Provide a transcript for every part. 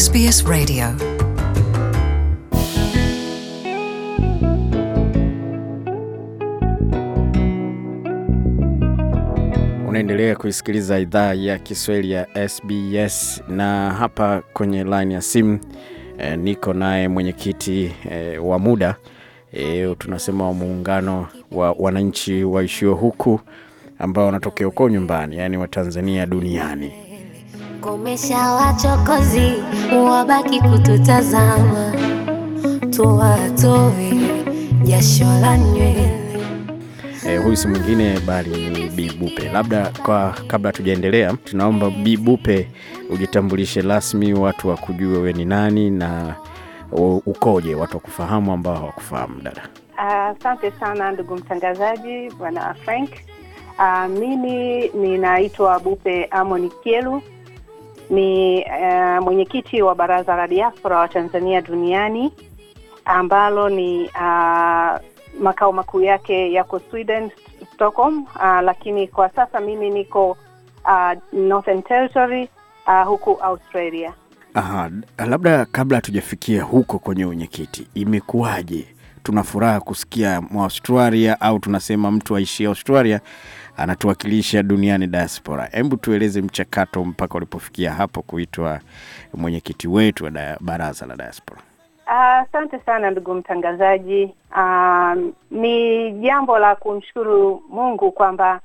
SBS Radio Unaendelea kuisikiliza idhaa ya Kiswahili ya SBS na hapa kwenye line ya simu e, niko naye mwenyekiti e, wa muda e, tunasema wa muungano wa wananchi waishio huku ambao wanatokea huko nyumbani, yaani Watanzania duniani Komesha wachokozi, wabaki kututazama, tuwatoe jasho la nywele. Eh, huyu si mwingine bali ni Bibupe. Bupe. Labda kwa kabla tujaendelea, tunaomba Bibupe Bupe ujitambulishe rasmi, watu wakujue wewe ni nani na ukoje, watu wakufahamu ambao hawakufahamu dada. Asante uh, sana ndugu mtangazaji bwana Frank. Uh, mimi ninaitwa Bupe Amoni ni uh, mwenyekiti wa baraza la diaspora wa Tanzania duniani ambalo ni uh, makao makuu yake yako Sweden, Stockholm. Uh, lakini kwa sasa mimi niko uh, Northern Territory uh, huku Australia. Aha, labda kabla hatujafikia huko kwenye wenyekiti, imekuwaje? Tuna furaha kusikia Mwaustralia au tunasema mtu aishie Australia anatuwakilisha duniani diaspora. Hebu tueleze mchakato mpaka ulipofikia hapo kuitwa mwenyekiti wetu wa baraza la diaspora. Ah, asante uh, sana ndugu mtangazaji. Uh, ni jambo la kumshukuru Mungu kwamba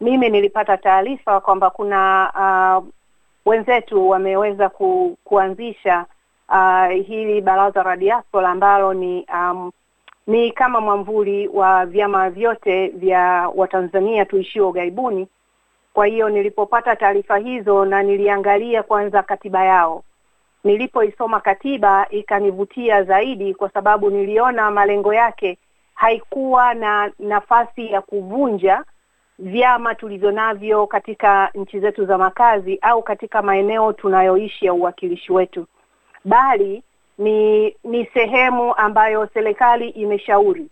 mimi nilipata taarifa kwamba kuna uh, wenzetu wameweza ku, kuanzisha uh, hili baraza la diaspora ambalo ni um, ni kama mwamvuli wa vyama vyote vya Watanzania tuishio ughaibuni. Kwa hiyo nilipopata taarifa hizo na niliangalia kwanza katiba yao, nilipoisoma katiba ikanivutia zaidi, kwa sababu niliona malengo yake haikuwa na nafasi ya kuvunja vyama tulivyo navyo katika nchi zetu za makazi au katika maeneo tunayoishi ya uwakilishi wetu, bali ni ni sehemu ambayo serikali imeshauri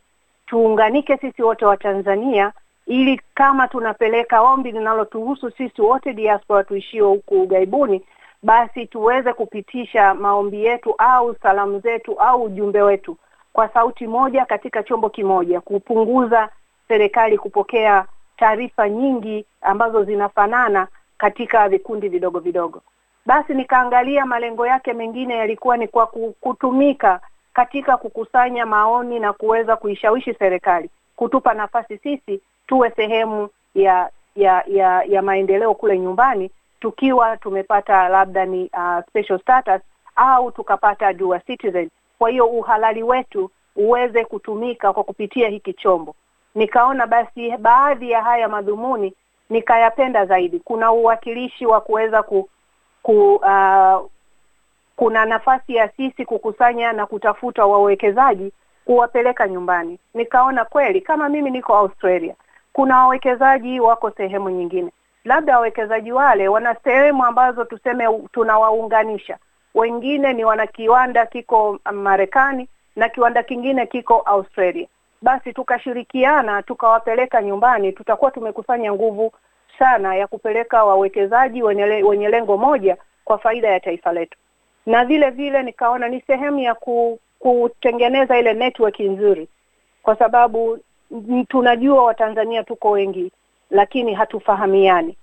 tuunganike sisi wote wa Tanzania ili kama tunapeleka ombi linalotuhusu sisi wote diaspora tuishio huku ugaibuni basi tuweze kupitisha maombi yetu au salamu zetu au ujumbe wetu kwa sauti moja katika chombo kimoja, kupunguza serikali kupokea taarifa nyingi ambazo zinafanana katika vikundi vidogo vidogo. Basi nikaangalia malengo yake mengine yalikuwa ni kwa kutumika katika kukusanya maoni na kuweza kuishawishi serikali kutupa nafasi sisi tuwe sehemu ya ya ya ya maendeleo kule nyumbani tukiwa tumepata labda ni uh, special status au tukapata dual citizen. Kwa hiyo uhalali wetu uweze kutumika kwa kupitia hiki chombo. Nikaona basi baadhi ya haya madhumuni nikayapenda zaidi. Kuna uwakilishi wa kuweza ku, ku, uh, kuna nafasi ya sisi kukusanya na kutafuta wawekezaji kuwapeleka nyumbani. Nikaona kweli kama mimi niko Australia, kuna wawekezaji wako sehemu nyingine, labda wawekezaji wale wana sehemu ambazo tuseme tunawaunganisha. Wengine ni wana kiwanda kiko Marekani na kiwanda kingine kiko Australia, basi tukashirikiana tukawapeleka nyumbani, tutakuwa tumekusanya nguvu sana ya kupeleka wawekezaji wenye lengo moja kwa faida ya taifa letu, na vile vile nikaona ni sehemu ya ku, kutengeneza ile network nzuri, kwa sababu tunajua Watanzania tuko wengi, lakini hatufahamiani.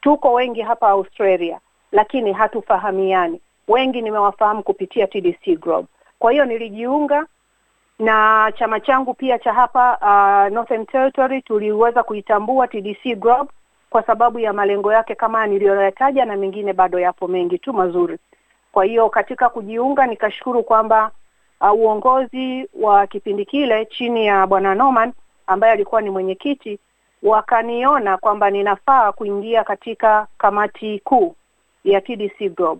Tuko wengi hapa Australia, lakini hatufahamiani. Wengi nimewafahamu kupitia TDC Group. Kwa hiyo nilijiunga na chama changu pia cha hapa uh, Northern Territory tuliweza kuitambua TDC Group kwa sababu ya malengo yake kama niliyoyataja, na mengine bado yapo mengi tu mazuri. Kwa hiyo katika kujiunga, nikashukuru kwamba uh, uongozi wa kipindi kile chini ya Bwana Norman ambaye alikuwa ni mwenyekiti, wakaniona kwamba ninafaa kuingia katika kamati kuu ya TDC Group.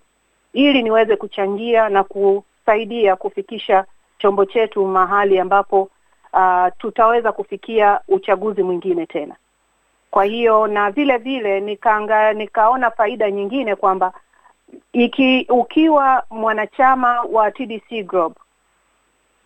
ili niweze kuchangia na kusaidia kufikisha chombo chetu mahali ambapo uh, tutaweza kufikia uchaguzi mwingine tena. Kwa hiyo na vile vile nikaanga, nikaona faida nyingine kwamba iki ukiwa mwanachama wa TDC Group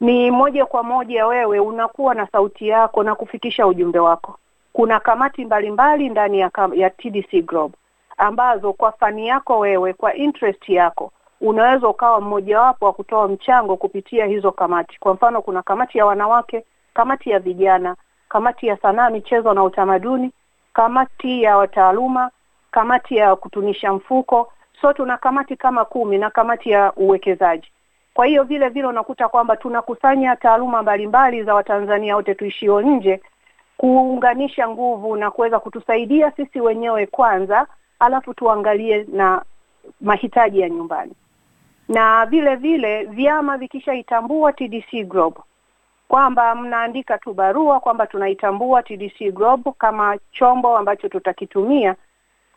ni moja kwa moja wewe unakuwa na sauti yako na kufikisha ujumbe wako. Kuna kamati mbalimbali mbali ndani ya, kam, ya TDC Group ambazo kwa fani yako wewe, kwa interest yako unaweza ukawa mmojawapo wa kutoa mchango kupitia hizo kamati. Kwa mfano, kuna kamati ya wanawake, kamati ya vijana, kamati ya sanaa, michezo na utamaduni, kamati ya wataaluma, kamati ya kutunisha mfuko. So tuna kamati kama kumi na kamati ya uwekezaji. Kwa hiyo vile vile unakuta kwamba tunakusanya taaluma mbalimbali za Watanzania wote tuishio nje kuunganisha nguvu na kuweza kutusaidia sisi wenyewe kwanza, alafu tuangalie na mahitaji ya nyumbani. Na vile vile vyama vikishaitambua TDC Global kwamba mnaandika tu barua kwamba tunaitambua TDC Global kama chombo ambacho tutakitumia,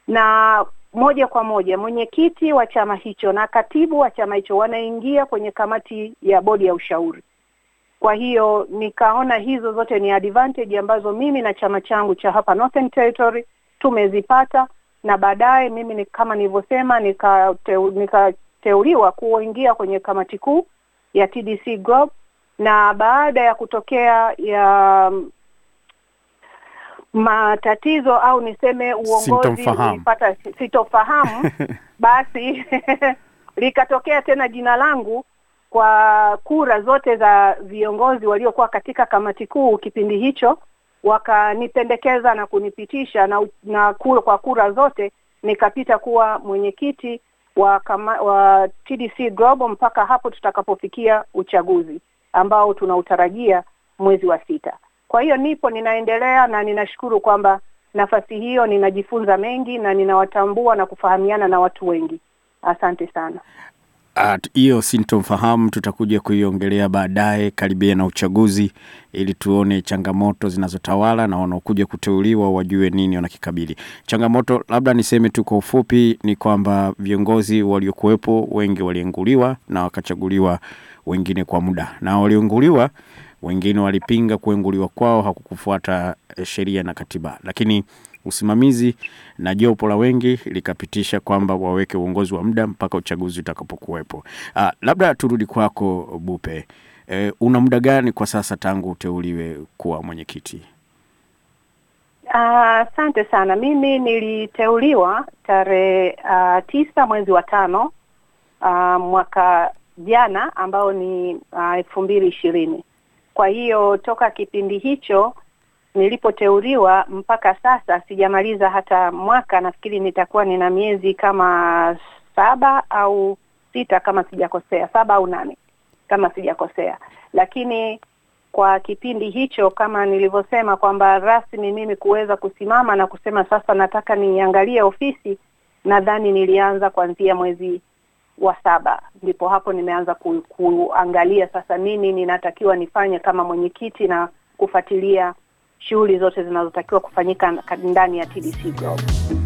na moja kwa moja mwenyekiti wa chama hicho na katibu wa chama hicho wanaingia kwenye kamati ya bodi ya ushauri. Kwa hiyo nikaona hizo zote ni advantage ambazo mimi na chama changu cha hapa Northern Territory tumezipata, na baadaye mimi ni kama nilivyosema, nikateuliwa nika kuingia kwenye kamati kuu ya TDC Group na baada ya kutokea ya matatizo au niseme uongozi ulipata sitofahamu, basi likatokea tena jina langu kwa kura zote za viongozi waliokuwa katika kamati kuu kipindi hicho, wakanipendekeza na kunipitisha na, na kura, kwa kura zote nikapita kuwa mwenyekiti wa, kama, wa TDC Global mpaka hapo tutakapofikia uchaguzi ambao tunautarajia mwezi wa sita. Kwa hiyo nipo ninaendelea na ninashukuru kwamba nafasi hiyo ninajifunza mengi na ninawatambua na kufahamiana na watu wengi. Asante sana. Hiyo sintofahamu tutakuja kuiongelea baadaye karibia na uchaguzi, ili tuone changamoto zinazotawala na wanaokuja kuteuliwa wajue nini wanakikabili. Changamoto labda niseme tu kwa ufupi ni kwamba viongozi waliokuwepo wengi walienguliwa na wakachaguliwa wengine kwa muda na waliunguliwa wengine walipinga kuenguliwa kwao hakukufuata eh, sheria na katiba lakini usimamizi na jopo la wengi likapitisha kwamba waweke uongozi wa muda mpaka uchaguzi utakapokuwepo. Ah, labda turudi kwako Bupe. E, una muda gani kwa sasa tangu uteuliwe kuwa mwenyekiti? Ah, asante uh, sana. Mimi niliteuliwa tarehe uh, tisa mwezi wa tano uh, mwaka jana ambao ni ah, elfu uh, mbili ishirini. Kwa hiyo toka kipindi hicho nilipoteuliwa mpaka sasa sijamaliza hata mwaka, nafikiri nitakuwa nina miezi kama saba au sita kama sijakosea, saba au nane kama sijakosea. Lakini kwa kipindi hicho kama nilivyosema kwamba rasmi mimi kuweza kusimama na kusema sasa nataka niangalie ofisi, nadhani nilianza kuanzia mwezi wa saba ndipo hapo nimeanza ku, kuangalia sasa nini ninatakiwa nifanye kama mwenyekiti na kufuatilia shughuli zote zinazotakiwa kufanyika ndani ya TDC Group. Uh-huh.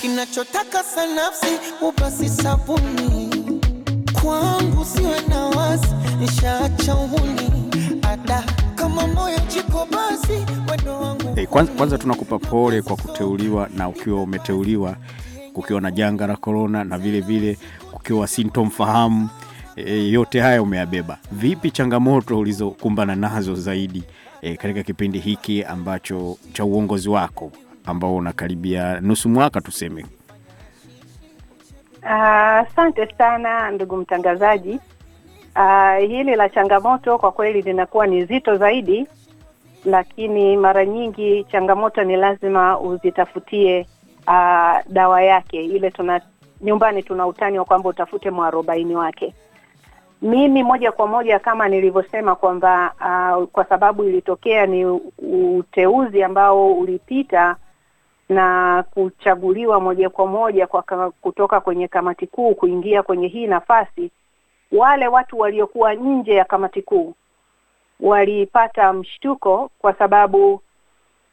Kinachotaka sanafsi upasi sabuni kwangu siwe na wasi nishaacha uni ada kama moyo jiko basi wendo wangu. Hey, eh, kwanza, kwanza tunakupa pole kwa kuteuliwa na ukiwa umeteuliwa kukiwa na janga la korona na vile vile kukiwa sintomfahamu e, yote haya umeyabeba. Vipi changamoto ulizokumbana nazo zaidi e, katika kipindi hiki ambacho cha uongozi wako ambao unakaribia nusu mwaka tuseme? Ah, asante uh, sana ndugu mtangazaji. Uh, hili la changamoto kwa kweli linakuwa ni zito zaidi, lakini mara nyingi changamoto ni lazima uzitafutie uh, dawa yake ile tuna nyumbani tuna utani wa kwamba utafute mwarobaini wake mimi moja kwa moja kama nilivyosema kwamba uh, kwa sababu ilitokea ni uteuzi ambao ulipita na kuchaguliwa moja kwa moja kwa kutoka kwenye kamati kuu kuingia kwenye hii nafasi wale watu waliokuwa nje ya kamati kuu walipata mshtuko kwa sababu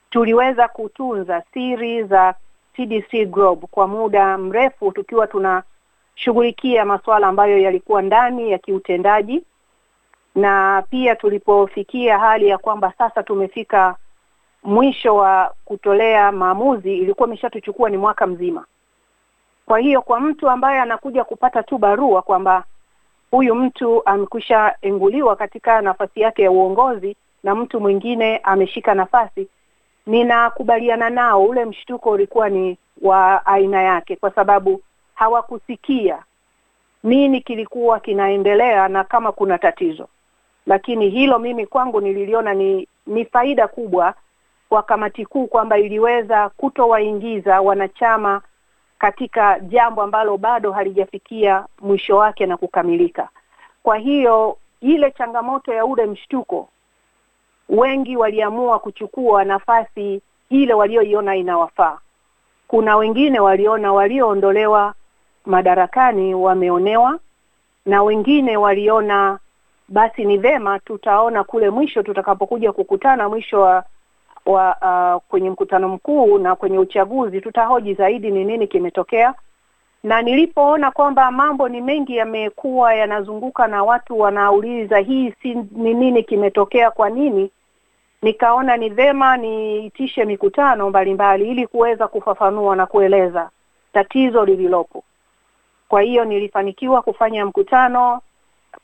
tuliweza kutunza siri za CDC Group kwa muda mrefu tukiwa tunashughulikia masuala ambayo yalikuwa ndani ya kiutendaji, na pia tulipofikia hali ya kwamba sasa tumefika mwisho wa kutolea maamuzi, ilikuwa imeshatuchukua ni mwaka mzima. Kwa hiyo kwa mtu ambaye anakuja kupata tu barua kwamba huyu mtu amekwisha enguliwa katika nafasi yake ya uongozi na mtu mwingine ameshika nafasi, ninakubaliana nao ule mshtuko ulikuwa ni wa aina yake kwa sababu hawakusikia nini kilikuwa kinaendelea na kama kuna tatizo lakini hilo mimi kwangu nililiona ni ni faida kubwa kwa kamati kuu kwamba iliweza kutowaingiza wanachama katika jambo ambalo bado halijafikia mwisho wake na kukamilika kwa hiyo ile changamoto ya ule mshtuko wengi waliamua kuchukua nafasi ile walioiona inawafaa. Kuna wengine waliona walioondolewa madarakani wameonewa, na wengine waliona basi ni vema, tutaona kule mwisho tutakapokuja kukutana mwisho wa, wa uh, kwenye mkutano mkuu na kwenye uchaguzi tutahoji zaidi ni nini kimetokea. Na nilipoona kwamba mambo ni mengi yamekuwa yanazunguka na watu wanauliza hii si ni nini kimetokea, kwa nini, nikaona ni vema niitishe mikutano mbalimbali ili kuweza kufafanua na kueleza tatizo lililopo. Kwa hiyo nilifanikiwa kufanya mkutano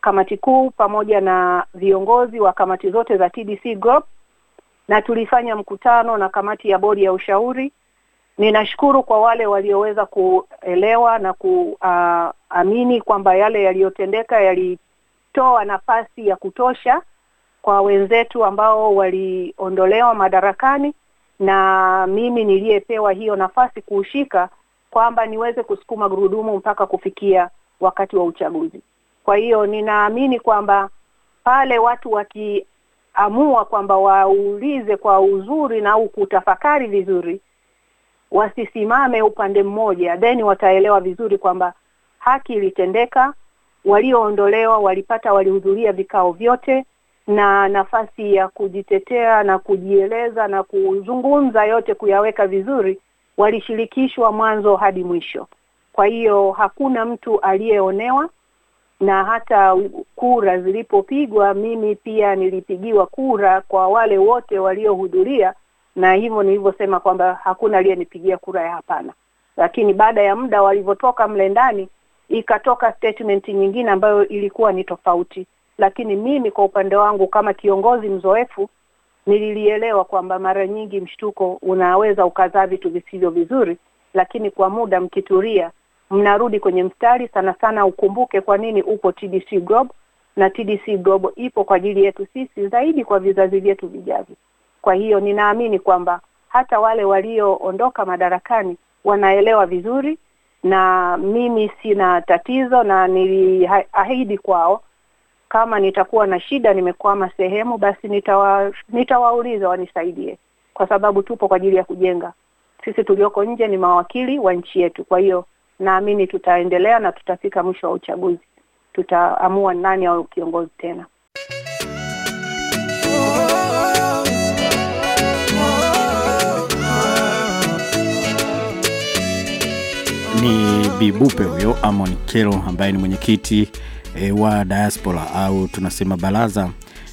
kamati kuu pamoja na viongozi wa kamati zote za TDC Group na tulifanya mkutano na kamati ya bodi ya ushauri. Ninashukuru kwa wale walioweza kuelewa na kuamini kwamba yale yaliyotendeka yalitoa nafasi ya kutosha kwa wenzetu ambao waliondolewa madarakani na mimi niliyepewa hiyo nafasi kuushika kwamba niweze kusukuma gurudumu mpaka kufikia wakati wa uchaguzi. Kwa hiyo ninaamini kwamba pale watu wakiamua kwamba waulize kwa uzuri na au kutafakari vizuri, wasisimame upande mmoja, then wataelewa vizuri kwamba haki ilitendeka, walioondolewa walipata, walihudhuria vikao vyote na nafasi ya kujitetea na kujieleza na kuzungumza yote kuyaweka vizuri walishirikishwa mwanzo hadi mwisho. Kwa hiyo hakuna mtu aliyeonewa, na hata kura zilipopigwa, mimi pia nilipigiwa kura kwa wale wote waliohudhuria, na hivyo nilivyosema kwamba hakuna aliyenipigia kura ya hapana. Lakini baada ya muda walivyotoka mle ndani, ikatoka statement nyingine ambayo ilikuwa ni tofauti lakini mimi kwa upande wangu kama kiongozi mzoefu nililielewa kwamba mara nyingi mshtuko unaweza ukazaa vitu visivyo vizuri, lakini kwa muda mkituria mnarudi kwenye mstari. Sana sana ukumbuke kwa nini upo TDC Glob, na TDC Glob ipo kwa ajili yetu sisi zaidi, kwa vizazi vyetu vijavyo. Kwa hiyo ninaamini kwamba hata wale walioondoka madarakani wanaelewa vizuri, na mimi sina tatizo, na niliahidi kwao kama nitakuwa na shida, nimekwama sehemu, basi nitawa, nitawauliza wanisaidie, kwa sababu tupo kwa ajili ya kujenga. Sisi tulioko nje ni mawakili wa nchi yetu, kwa hiyo naamini tutaendelea na tutafika mwisho wa uchaguzi, tutaamua nani awe kiongozi tena. ni Bibupe huyo Amon Kero ambaye ni mwenyekiti e, wa diaspora au tunasema baraza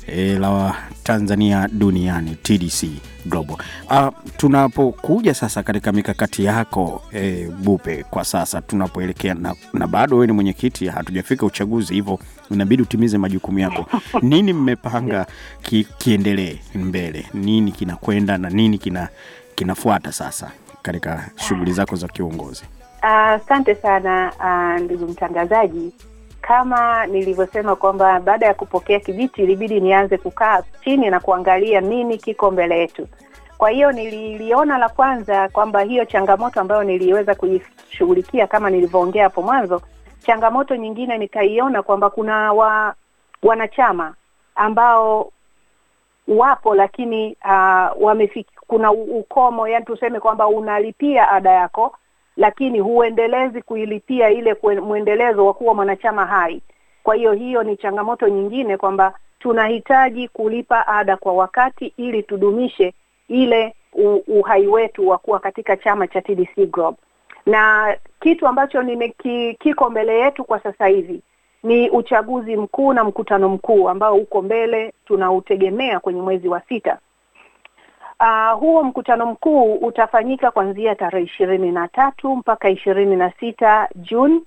e, la Tanzania duniani TDC Global. Ah, tunapokuja sasa katika mikakati yako e, Bupe, kwa sasa tunapoelekea na, na bado wewe ni mwenyekiti, hatujafika uchaguzi, hivyo inabidi utimize majukumu yako. Nini mmepanga ki, kiendelee mbele? Nini kinakwenda na nini kina, kinafuata sasa katika shughuli zako za kiongozi Asante uh, sana uh, ndugu mtangazaji. Kama nilivyosema kwamba baada ya kupokea kijiti ilibidi nianze kukaa chini na kuangalia nini kiko mbele yetu. Kwa hiyo nililiona la kwanza kwamba hiyo changamoto ambayo niliweza kuishughulikia, kama nilivyoongea hapo mwanzo, changamoto nyingine nikaiona kwamba kuna wa, wanachama ambao wapo lakini uh, wamefiki, kuna ukomo, yani tuseme kwamba unalipia ada yako lakini huendelezi kuilipia ile mwendelezo wa kuwa mwanachama hai. Kwa hiyo hiyo ni changamoto nyingine kwamba tunahitaji kulipa ada kwa wakati ili tudumishe ile uhai wetu wa kuwa katika chama cha TDC Group. Na kitu ambacho nimeki kiko mbele yetu kwa sasa hivi ni uchaguzi mkuu na mkutano mkuu ambao uko mbele tunautegemea kwenye mwezi wa sita. Uh, huo mkutano mkuu utafanyika kuanzia tarehe ishirini na tatu mpaka ishirini na sita Juni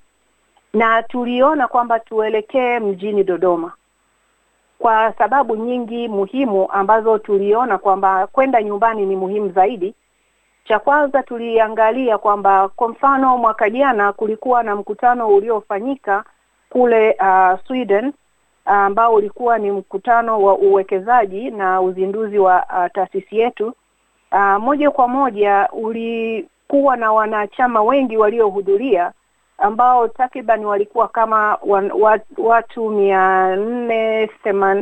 na tuliona kwamba tuelekee mjini Dodoma kwa sababu nyingi muhimu ambazo tuliona kwamba kwenda nyumbani ni muhimu zaidi. Cha kwanza tuliangalia kwamba kwa mfano mwaka jana kulikuwa na mkutano uliofanyika kule uh, Sweden ambao ulikuwa ni mkutano wa uwekezaji na uzinduzi wa uh, taasisi yetu uh, moja kwa moja ulikuwa na wanachama wengi waliohudhuria ambao takriban walikuwa kama wan, wat, watu mia nne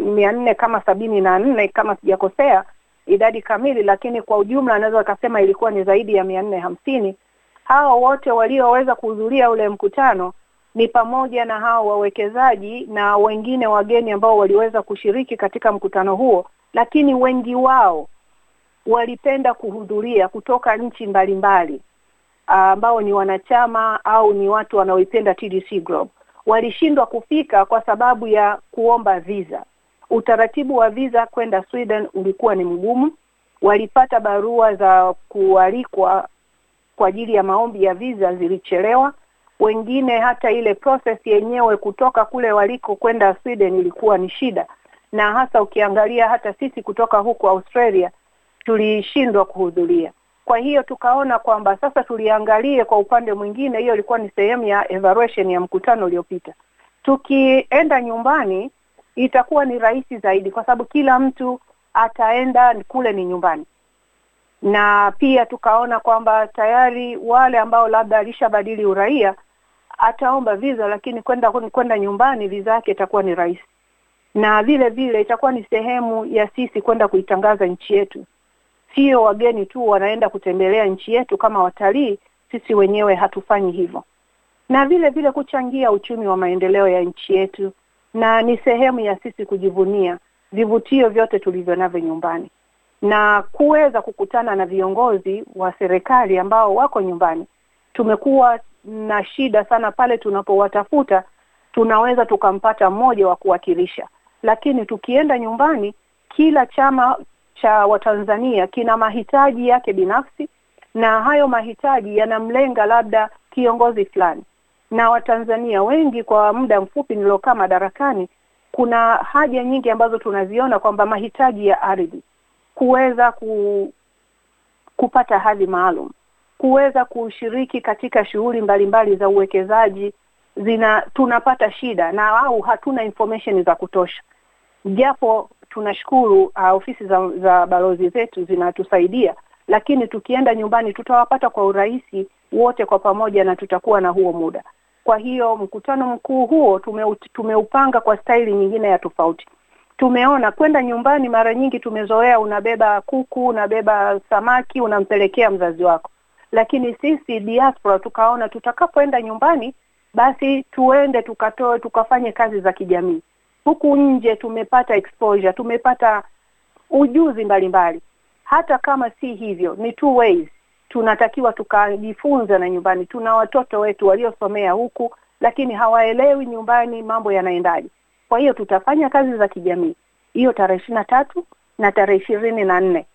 mia nne kama sabini na nne kama sijakosea idadi kamili, lakini kwa ujumla anaweza wakasema ilikuwa ni zaidi ya mia nne hamsini. hawa wote walioweza kuhudhuria ule mkutano ni pamoja na hao wawekezaji na wengine wageni ambao waliweza kushiriki katika mkutano huo, lakini wengi wao walipenda kuhudhuria kutoka nchi mbalimbali ah, ambao ni wanachama au ni watu wanaoipenda TDC Group. Walishindwa kufika kwa sababu ya kuomba visa. Utaratibu wa visa kwenda Sweden ulikuwa ni mgumu. Walipata barua za kualikwa kwa ajili ya maombi ya visa zilichelewa wengine hata ile process yenyewe kutoka kule waliko kwenda Sweden ilikuwa ni shida, na hasa ukiangalia hata sisi kutoka huku Australia tulishindwa kuhudhuria. Kwa hiyo tukaona kwamba sasa tuliangalie kwa upande mwingine. Hiyo ilikuwa ni sehemu ya evaluation ya mkutano uliopita. Tukienda nyumbani itakuwa ni rahisi zaidi, kwa sababu kila mtu ataenda kule ni nyumbani na pia tukaona kwamba tayari wale ambao labda alishabadili uraia ataomba visa, lakini kwenda kwenda nyumbani visa yake itakuwa ni rahisi, na vile vile itakuwa ni sehemu ya sisi kwenda kuitangaza nchi yetu. Sio wageni tu wanaenda kutembelea nchi yetu kama watalii, sisi wenyewe hatufanyi hivyo, na vile vile kuchangia uchumi wa maendeleo ya nchi yetu, na ni sehemu ya sisi kujivunia vivutio vyote tulivyo navyo nyumbani na kuweza kukutana na viongozi wa serikali ambao wako nyumbani. Tumekuwa na shida sana pale tunapowatafuta tunaweza tukampata mmoja wa kuwakilisha lakini tukienda nyumbani kila chama cha watanzania kina mahitaji yake binafsi na hayo mahitaji yanamlenga labda kiongozi fulani na watanzania wengi kwa muda mfupi niliokaa madarakani kuna haja nyingi ambazo tunaziona kwamba mahitaji ya ardhi kuweza ku, kupata hadhi maalum kuweza kushiriki katika shughuli mbalimbali za uwekezaji zina tunapata shida na au hatuna information za kutosha, japo tunashukuru uh, ofisi za, za balozi zetu zinatusaidia, lakini tukienda nyumbani tutawapata kwa urahisi wote kwa pamoja na tutakuwa na huo muda. Kwa hiyo mkutano mkuu huo tume, tumeupanga kwa staili nyingine ya tofauti. Tumeona kwenda nyumbani, mara nyingi tumezoea unabeba kuku, unabeba samaki, unampelekea mzazi wako lakini sisi diaspora tukaona tutakapoenda nyumbani basi tuende tukatoe tukafanye kazi za kijamii huku nje tumepata exposure tumepata ujuzi mbalimbali mbali. hata kama si hivyo ni two ways tunatakiwa tukajifunza na nyumbani tuna watoto wetu waliosomea huku lakini hawaelewi nyumbani mambo yanaendaje kwa hiyo tutafanya kazi za kijamii hiyo tarehe ishiri na tatu na tarehe ishirini na nne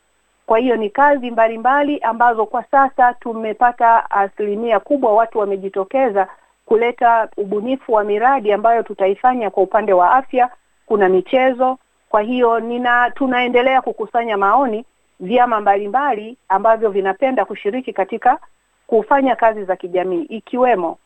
kwa hiyo ni kazi mbalimbali mbali, ambazo kwa sasa tumepata asilimia kubwa watu wamejitokeza kuleta ubunifu wa miradi ambayo tutaifanya kwa upande wa afya, kuna michezo. Kwa hiyo nina tunaendelea kukusanya maoni vyama mbalimbali ambavyo vinapenda kushiriki katika kufanya kazi za kijamii ikiwemo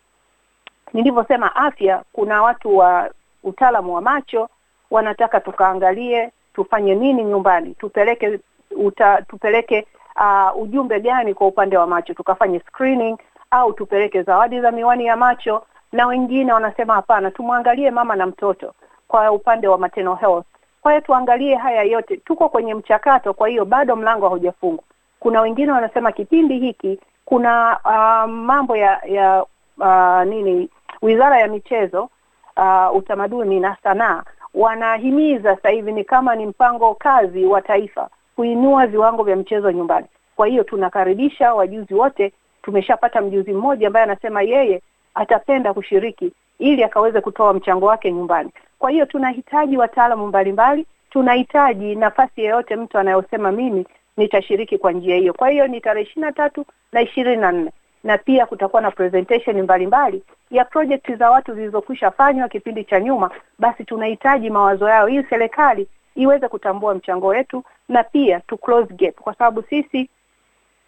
nilivyosema afya. Kuna watu wa utaalamu wa macho wanataka tukaangalie tufanye nini nyumbani, tupeleke uta, tupeleke uh, ujumbe gani kwa upande wa macho, tukafanye screening au tupeleke zawadi za miwani ya macho, na wengine wanasema hapana, tumwangalie mama na mtoto kwa upande wa maternal health. Kwa hiyo tuangalie haya yote, tuko kwenye mchakato, kwa hiyo bado mlango haujafungwa. Kuna wengine wanasema kipindi hiki kuna uh, mambo ya ya uh, nini, wizara ya michezo uh, utamaduni na sanaa wanahimiza sasa hivi, ni kama ni mpango kazi wa taifa kuinua viwango vya mchezo nyumbani. Kwa hiyo tunakaribisha wajuzi wote. Tumeshapata mjuzi mmoja ambaye anasema yeye atapenda kushiriki ili akaweze kutoa mchango wake nyumbani. Kwa hiyo tunahitaji wataalamu mbalimbali, tunahitaji nafasi yeyote mtu anayosema mimi nitashiriki kwa njia hiyo. Kwa hiyo ni tarehe ishirini na tatu na ishirini na nne na pia kutakuwa na presentation mbalimbali ya project za watu zilizokwisha fanywa kipindi cha nyuma. Basi tunahitaji mawazo yao hii serikali iweze kutambua mchango wetu na pia to close gap, kwa sababu sisi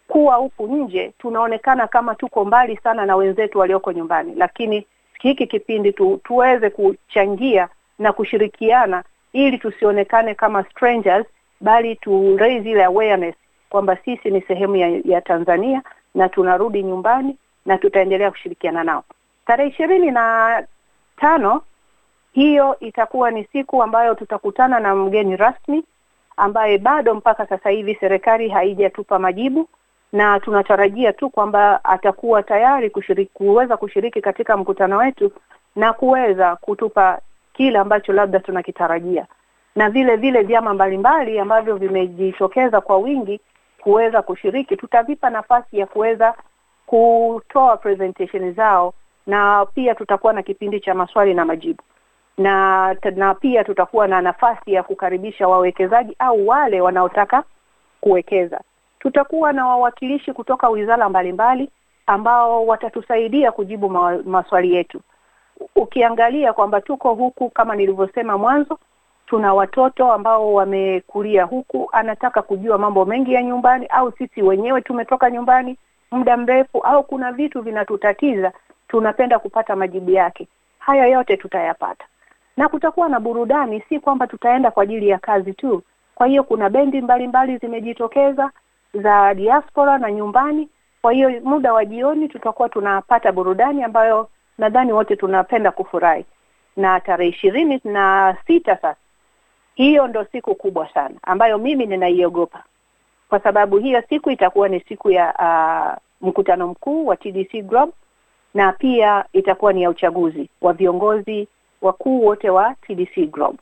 kuwa huku nje tunaonekana kama tuko mbali sana na wenzetu walioko nyumbani, lakini hiki kipindi tu, tuweze kuchangia na kushirikiana ili tusionekane kama strangers, bali tu raise ile awareness kwamba sisi ni sehemu ya, ya Tanzania na tunarudi nyumbani na tutaendelea kushirikiana nao. Tarehe ishirini na tano hiyo itakuwa ni siku ambayo tutakutana na mgeni rasmi ambaye bado mpaka sasa hivi serikali haijatupa majibu na tunatarajia tu kwamba atakuwa tayari kushiriki, kuweza kushiriki katika mkutano wetu na kuweza kutupa kile ambacho labda tunakitarajia, na vile vile vyama mbalimbali ambavyo vimejitokeza kwa wingi kuweza kushiriki, tutavipa nafasi ya kuweza kutoa presentation zao, na pia tutakuwa na kipindi cha maswali na majibu na, na pia tutakuwa na nafasi ya kukaribisha wawekezaji au wale wanaotaka kuwekeza. Tutakuwa na wawakilishi kutoka wizara mbalimbali ambao watatusaidia kujibu ma, maswali yetu. Ukiangalia kwamba tuko huku kama nilivyosema mwanzo, tuna watoto ambao wamekulia huku, anataka kujua mambo mengi ya nyumbani, au sisi wenyewe tumetoka nyumbani muda mrefu, au kuna vitu vinatutatiza, tunapenda kupata majibu yake. Haya yote tutayapata na kutakuwa na burudani, si kwamba tutaenda kwa ajili ya kazi tu. Kwa hiyo kuna bendi mbalimbali zimejitokeza za diaspora na nyumbani. Kwa hiyo muda wa jioni tutakuwa tunapata burudani ambayo nadhani wote tunapenda kufurahi, na tarehe ishirini na sita sasa, hiyo ndo siku kubwa sana ambayo mimi ninaiogopa kwa sababu hiyo siku itakuwa ni siku ya uh, mkutano mkuu wa TDC Group na pia itakuwa ni ya uchaguzi wa viongozi wakuu wote wa TDC Group.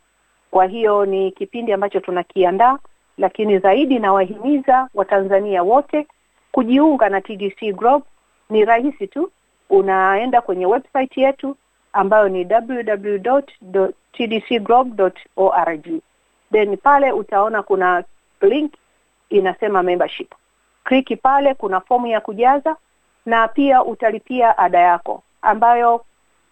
Kwa hiyo ni kipindi ambacho tunakiandaa, lakini zaidi nawahimiza Watanzania wote kujiunga na TDC Group. Ni rahisi tu, unaenda kwenye website yetu ambayo ni www.tdcgroup.org, then pale utaona kuna link inasema membership. Kliki pale, kuna fomu ya kujaza na pia utalipia ada yako ambayo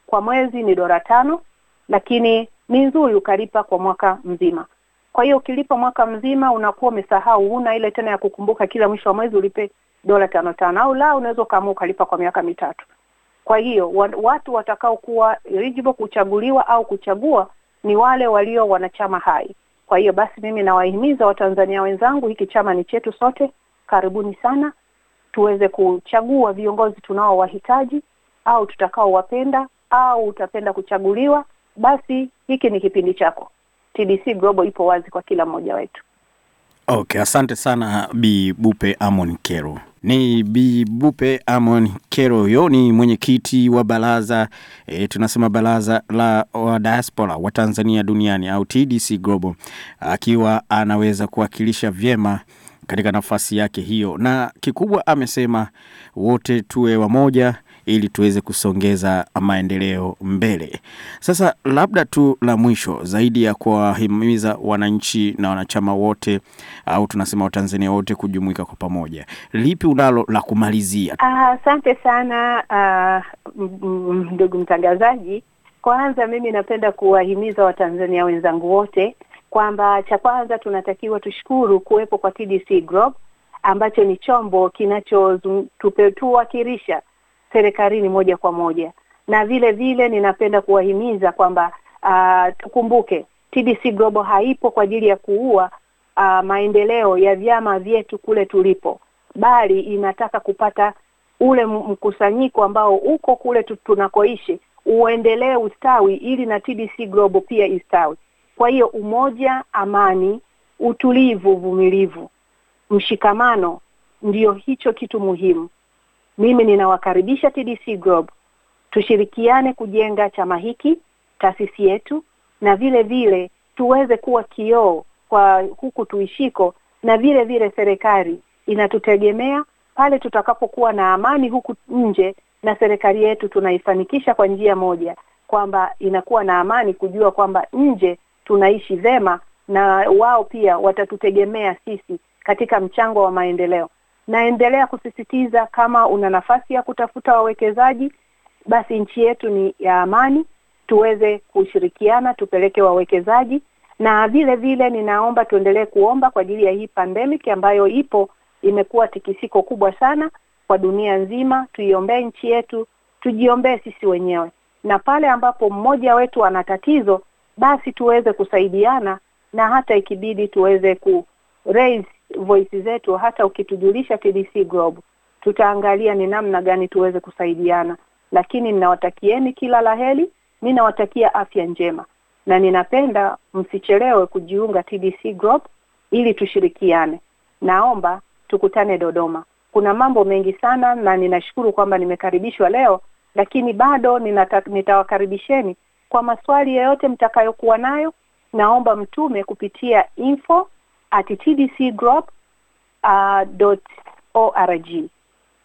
kwa mwezi ni dola tano lakini ni nzuri ukalipa kwa mwaka mzima. Kwa hiyo ukilipa mwaka mzima unakuwa umesahau, huna ile tena ya kukumbuka kila mwisho wa mwezi ulipe dola tano tano, au la, unaweza ukaamua ukalipa kwa miaka mitatu. Kwa hiyo watu watakaokuwa eligible kuchaguliwa au kuchagua ni wale walio wanachama hai. Kwa hiyo basi, mimi nawahimiza Watanzania wenzangu, hiki chama ni chetu sote. Karibuni sana tuweze kuchagua viongozi tunaowahitaji, au tutakaowapenda, au utapenda kuchaguliwa basi hiki ni kipindi chako. tdc Global ipo wazi kwa kila mmoja wetu. Okay, asante sana Bi Bupe Amon Kero. Ni Bi Bupe Amon Kero, huyo ni mwenyekiti wa baraza e, tunasema baraza la wa diaspora wa Tanzania duniani au TDC Global, akiwa anaweza kuwakilisha vyema katika nafasi yake hiyo, na kikubwa amesema wote tuwe wamoja ili tuweze kusongeza maendeleo mbele. Sasa labda tu la mwisho zaidi ya kuwahimiza wananchi na wanachama wote au tunasema Watanzania wote kujumuika kwa pamoja, lipi unalo la kumalizia? Ah, asante uh, sana ah, ndugu uh, mtangazaji. Kwanza mimi napenda kuwahimiza Watanzania wenzangu wote kwamba cha kwanza tunatakiwa tushukuru kuwepo kwa TDC Group ambacho ni chombo kinachotuwakilisha serikalini moja kwa moja. Na vile vile ninapenda kuwahimiza kwamba uh, tukumbuke TDC Global haipo kwa ajili ya kuua uh, maendeleo ya vyama vyetu kule tulipo, bali inataka kupata ule mkusanyiko ambao uko kule tunakoishi uendelee ustawi, ili na TDC Global pia istawi. Kwa hiyo umoja, amani, utulivu, uvumilivu, mshikamano, ndiyo hicho kitu muhimu. Mimi ninawakaribisha TDC Group tushirikiane kujenga chama hiki, taasisi yetu, na vile vile tuweze kuwa kioo kwa huku tuishiko, na vile vile serikali inatutegemea pale tutakapokuwa na amani huku nje na serikali yetu tunaifanikisha kwa njia moja, kwamba inakuwa na amani, kujua kwamba nje tunaishi vema, na wao pia watatutegemea sisi katika mchango wa maendeleo. Naendelea kusisitiza kama una nafasi ya kutafuta wawekezaji, basi nchi yetu ni ya amani, tuweze kushirikiana tupeleke wawekezaji, na vile vile ninaomba tuendelee kuomba kwa ajili ya hii pandemic ambayo ipo, imekuwa tikisiko kubwa sana kwa dunia nzima. Tuiombee nchi yetu, tujiombee sisi wenyewe, na pale ambapo mmoja wetu ana tatizo, basi tuweze kusaidiana na hata ikibidi tuweze ku raise voisi zetu, hata ukitujulisha TDC Globe tutaangalia ni namna gani tuweze kusaidiana. Lakini ninawatakieni kila laheri, ninawatakia afya njema na ninapenda msichelewe kujiunga TDC Group ili tushirikiane. Naomba tukutane Dodoma. Kuna mambo mengi sana, na ninashukuru kwamba nimekaribishwa leo, lakini bado ninata, nitawakaribisheni kwa maswali yoyote mtakayokuwa nayo. Naomba mtume kupitia info at tdcgroup.org. Uh,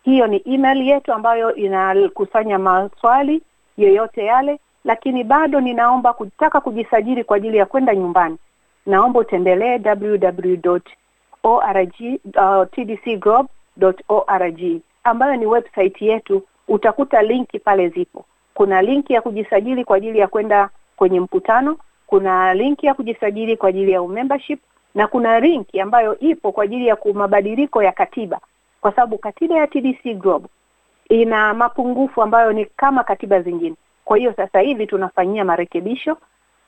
Hiyo ni email yetu ambayo inakusanya maswali yoyote yale, lakini bado ninaomba kutaka kujisajili kwa ajili ya kwenda nyumbani, naomba utembelee www.tdcgroup.org uh, ambayo ni website yetu. Utakuta linki pale zipo. Kuna linki ya kujisajili kwa ajili ya kwenda kwenye mkutano, kuna linki ya kujisajili kwa ajili ya membership na kuna rinki ambayo ipo kwa ajili ya mabadiliko ya katiba, kwa sababu katiba ya TDC Global ina mapungufu ambayo ni kama katiba zingine. Kwa hiyo sasa hivi tunafanyia marekebisho.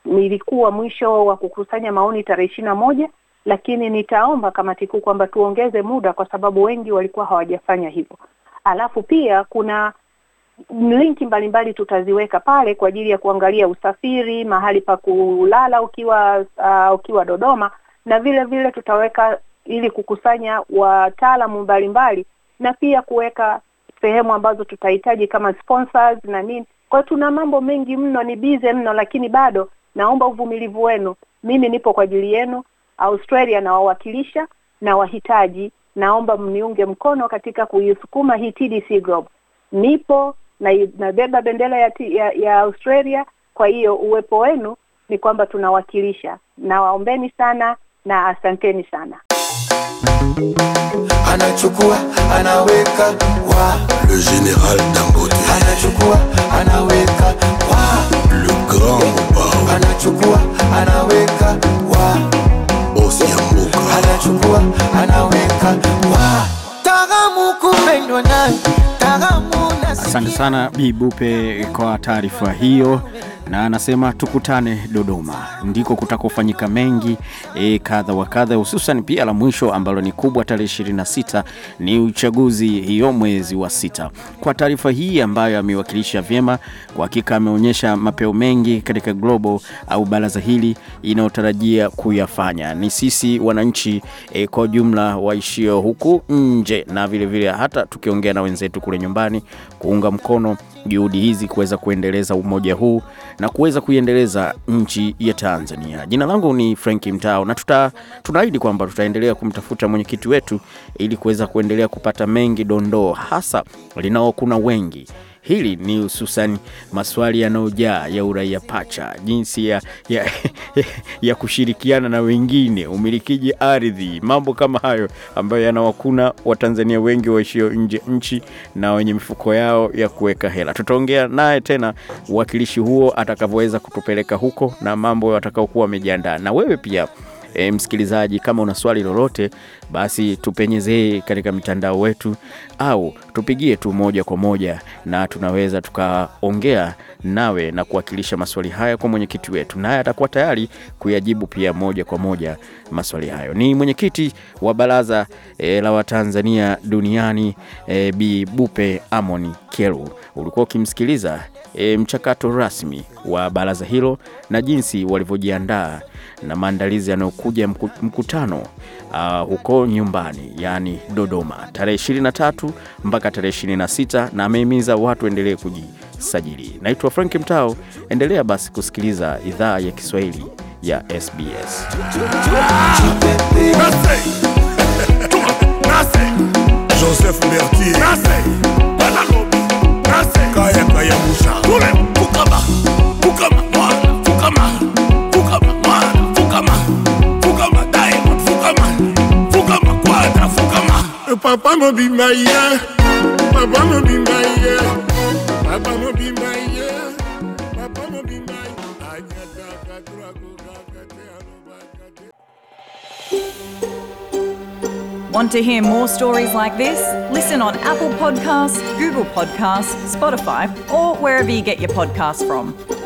Nilikuwa mwisho wa kukusanya maoni tarehe ishirini na moja, lakini nitaomba kamati kuu kwamba tuongeze muda, kwa sababu wengi walikuwa hawajafanya hivyo. Alafu pia kuna linki mbalimbali tutaziweka pale kwa ajili ya kuangalia usafiri, mahali pa kulala ukiwa uh, ukiwa Dodoma na vile vile tutaweka ili kukusanya wataalamu mbalimbali na pia kuweka sehemu ambazo tutahitaji kama sponsors na nini. Kwa tuna mambo mengi mno, ni bize mno, lakini bado naomba uvumilivu wenu. Mimi nipo kwa ajili yenu. Australia nawawakilisha na wahitaji, naomba mniunge mkono katika kuisukuma hii TDC Group. Nipo na nabeba bendera ya, ya, ya Australia. Kwa hiyo uwepo wenu ni kwamba tunawakilisha. Nawaombeni sana na asanteni sana. Anachukua anaweka wa le general Dangote, anachukua anaweka wa le grand Mobao, anachukua anaweka wa Osiamuka, anachukua anaweka wa taramu kupendwa nani Tagamu. Asante sana Bibupe kwa taarifa hiyo na anasema tukutane Dodoma, ndiko kutakofanyika mengi e, kadha wa kadha, hususan pia la mwisho ambalo ni kubwa tarehe 26 ni uchaguzi, hiyo mwezi wa sita. Kwa taarifa hii ambayo amewakilisha vyema, kwa hakika ameonyesha mapeo mengi katika global au baraza hili inayotarajia kuyafanya ni sisi wananchi e, kwa jumla waishio huku nje na vilevile vile hata tukiongea na wenzetu kule nyumbani kuunga mkono juhudi hizi kuweza kuendeleza umoja huu na kuweza kuiendeleza nchi ya Tanzania. Jina langu ni Frank Mtao na tuta, tunaahidi kwamba tutaendelea kumtafuta mwenyekiti wetu ili kuweza kuendelea kupata mengi dondoo hasa linao kuna wengi Hili ni hususan maswali yanayojaa ya uraia pacha, jinsi ya, ya, ya kushirikiana na wengine, umilikiji ardhi, mambo kama hayo ambayo yanawakuna Watanzania wengi waishio nje nchi na wenye mifuko yao ya kuweka hela. Tutaongea naye tena uwakilishi huo atakavyoweza kutupeleka huko na mambo atakaokuwa wamejiandaa. Na wewe pia E, msikilizaji, kama una swali lolote, basi tupenyezee katika mitandao wetu au tupigie tu moja kwa moja, na tunaweza tukaongea nawe na kuwakilisha maswali haya kwa mwenyekiti wetu, naye atakuwa tayari kuyajibu pia moja kwa moja maswali hayo. Ni mwenyekiti wa baraza e, la Watanzania duniani e, Bi Bupe Amon Kyelu. Ulikuwa ukimsikiliza e, mchakato rasmi wa baraza hilo na jinsi walivyojiandaa na maandalizi yanayokuja mkutano uh, huko nyumbani yaani Dodoma tarehe 23 mpaka tarehe 26, na amehimiza watu endelee kujisajili. Naitwa Frank Mtao, endelea basi kusikiliza idhaa ya Kiswahili ya SBS. Joseph Mertier Papa mo be my yeah. Papa mo be my yeah. Papa mo be my yeah. Papa mo be my Want to hear more stories like this? Listen on Apple Podcasts, Google Podcasts, Spotify, or wherever you get your podcasts from.